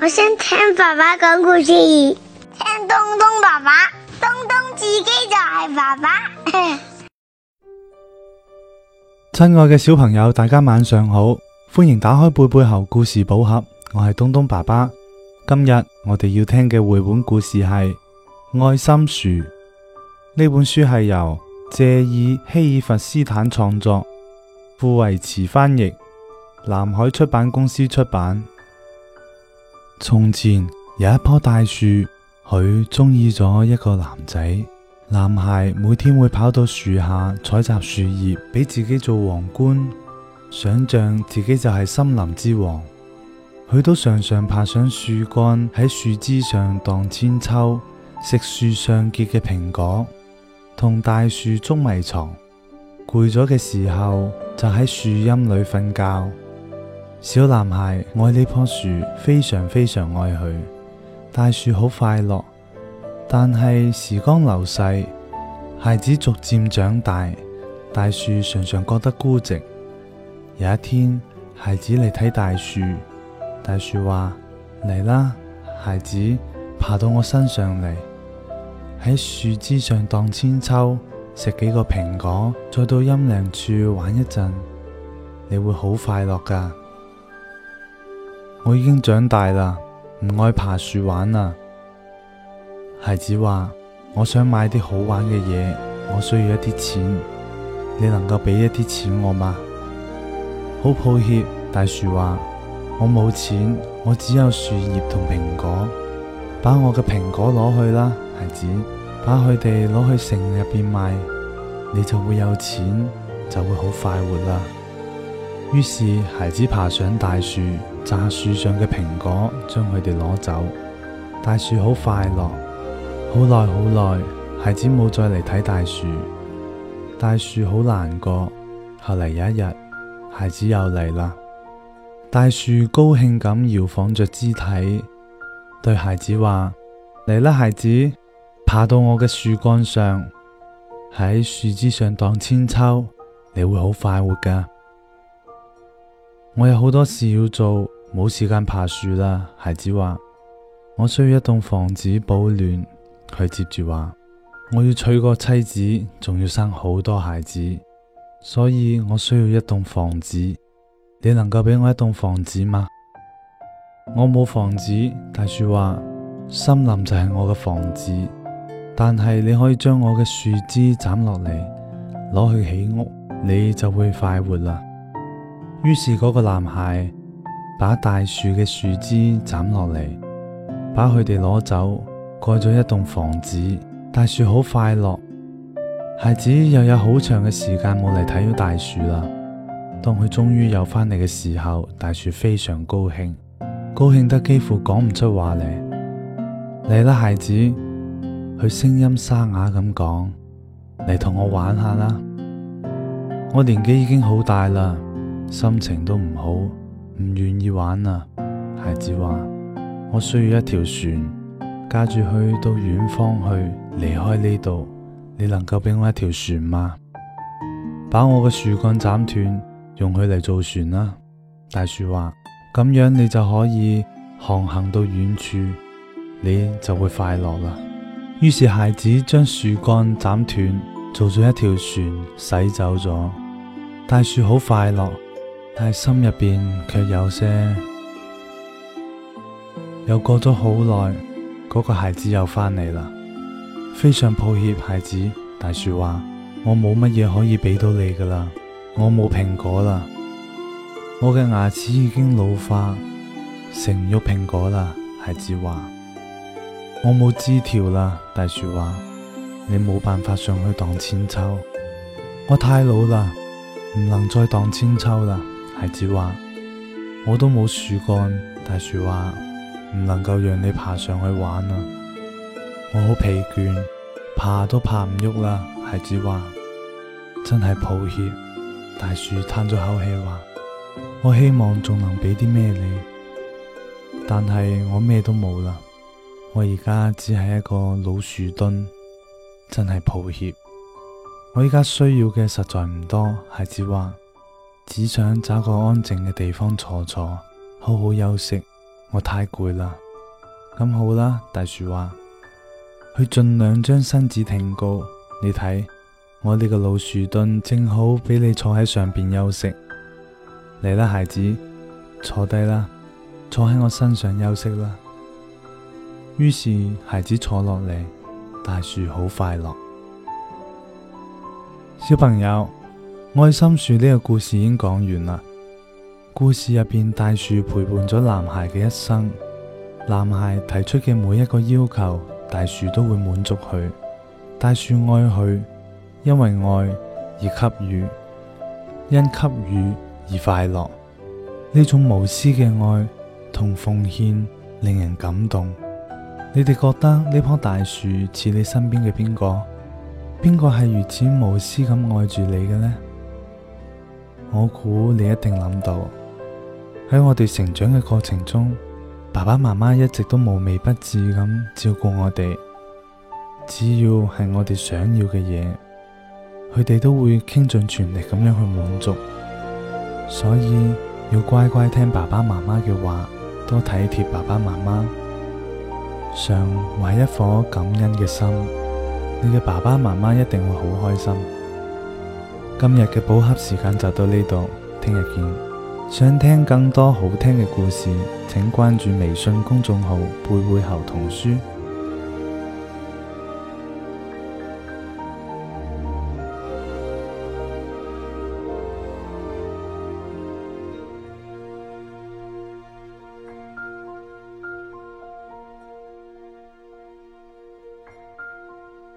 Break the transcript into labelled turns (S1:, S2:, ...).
S1: 我想聽爸爸講故事。聽東東爸爸，東東自己就係爸爸。親 愛嘅小朋友，大家晚上好，歡迎打開貝貝猴故事寶盒。我係東東爸爸，今日我哋要聽嘅繪本故事係愛心樹。呢本書係由謝爾希爾弗斯坦創作。傅惟慈翻譯，南海出版公司出版。從前有一棵大樹，佢中意咗一個男仔。男孩每天會跑到樹下採集樹葉，俾自己做皇冠，想象自己就係森林之王。佢都常常爬上樹幹，喺樹枝上蕩千秋，食樹上結嘅蘋果，同大樹捉迷藏。攰咗嘅時候就喺樹蔭裏瞓覺。小男孩愛呢棵樹，非常非常愛佢。大樹好快樂，但係時光流逝，孩子逐漸長大，大樹常常覺得孤寂。有一天，孩子嚟睇大樹，大樹話：嚟啦，孩子，爬到我身上嚟，喺樹枝上蕩千秋。食幾個蘋果，再到陰涼處玩一陣，你會好快樂噶。我已經長大啦，唔愛爬樹玩啦。孩子話：我想買啲好玩嘅嘢，我需要一啲錢，你能夠俾一啲錢我嗎？好抱歉，大樹話：我冇錢，我只有樹葉同蘋果，把我嘅蘋果攞去啦，孩子。把佢哋攞去城入邊賣，你就會有錢，就會好快活啦。於是孩子爬上大樹，摘樹上嘅蘋果，將佢哋攞走。大樹好快樂。好耐好耐，孩子冇再嚟睇大樹，大樹好難過。後嚟有一日，孩子又嚟啦，大樹高興咁搖晃着肢體，對孩子話：嚟啦，孩子。爬到我嘅樹幹上，喺樹枝上蕩千秋，你會好快活㗎。我有好多事要做，冇時間爬樹啦。孩子話：我需要一棟房子保暖。佢接住話：我要娶個妻子，仲要生好多孩子，所以我需要一棟房子。你能夠俾我一棟房子嗎？我冇房子，大樹話：森林就係我嘅房子。但係你可以將我嘅樹枝斬落嚟，攞去起屋，你就會快活啦。於是嗰個男孩把大樹嘅樹枝斬落嚟，把佢哋攞走，蓋咗一棟房子。大樹好快樂，孩子又有好長嘅時間冇嚟睇到大樹啦。當佢終於又翻嚟嘅時候，大樹非常高興，高興得幾乎講唔出話嚟。嚟啦，孩子！佢聲音沙啞咁講，嚟同我玩下啦！我年紀已經好大啦，心情都唔好，唔願意玩啦。孩子話，我需要一條船，駕住去到遠方去，離開呢度。你能夠俾我一條船嗎？把我嘅樹幹斬斷，用佢嚟做船啦。大樹話，咁樣你就可以航行到遠處，你就會快樂啦。於是孩子將樹幹斬斷，做咗一條船，駛走咗。大樹好快樂，但係心入邊卻有些。又過咗好耐，嗰個孩子又翻嚟啦。非常抱歉，孩子，大樹話：我冇乜嘢可以俾到你噶啦，我冇蘋果啦，我嘅牙齒已經老化，食唔郁蘋果啦。孩子話。我冇枝條啦，大樹話：你冇辦法上去蕩千秋。我太老啦，唔能再蕩千秋啦。孩子話：我都冇樹幹，大樹話：唔能夠讓你爬上去玩啦。我好疲倦，爬都爬唔喐啦。孩子話：真係抱歉。大樹嘆咗口氣話：我希望仲能俾啲咩你，但係我咩都冇啦。我而家只係一個老樹墩，真係抱歉。我依家需要嘅實在唔多，孩子話只想找個安靜嘅地方坐坐，好好休息。我太攰啦，咁好啦，大樹話去盡量將身子挺高，你睇我呢個老樹墩正好俾你坐喺上邊休息。嚟啦，孩子，坐低啦，坐喺我身上休息啦。於是，孩子坐落嚟，大樹好快樂。小朋友，愛心樹呢個故事已經講完啦。故事入邊，大樹陪伴咗男孩嘅一生。男孩提出嘅每一個要求，大樹都會滿足佢。大樹愛佢，因為愛而給予，因給予而快樂。呢種無私嘅愛同奉獻，令人感動。你哋覺得呢棵大樹似你身邊嘅邊個？邊個係如此無私咁愛住你嘅呢？我估你一定諗到，喺我哋成長嘅過程中，爸爸媽媽一直都無微不至咁照顧我哋。只要係我哋想要嘅嘢，佢哋都會傾盡全力咁樣去滿足。所以要乖乖聽爸爸媽媽嘅話，多體貼爸爸媽媽。常懷一顆感恩嘅心，你嘅爸爸媽媽一定會好開心。今日嘅寶盒時間就到呢度，聽日見。想聽更多好聽嘅故事，請關注微信公眾號“貝貝猴童書”。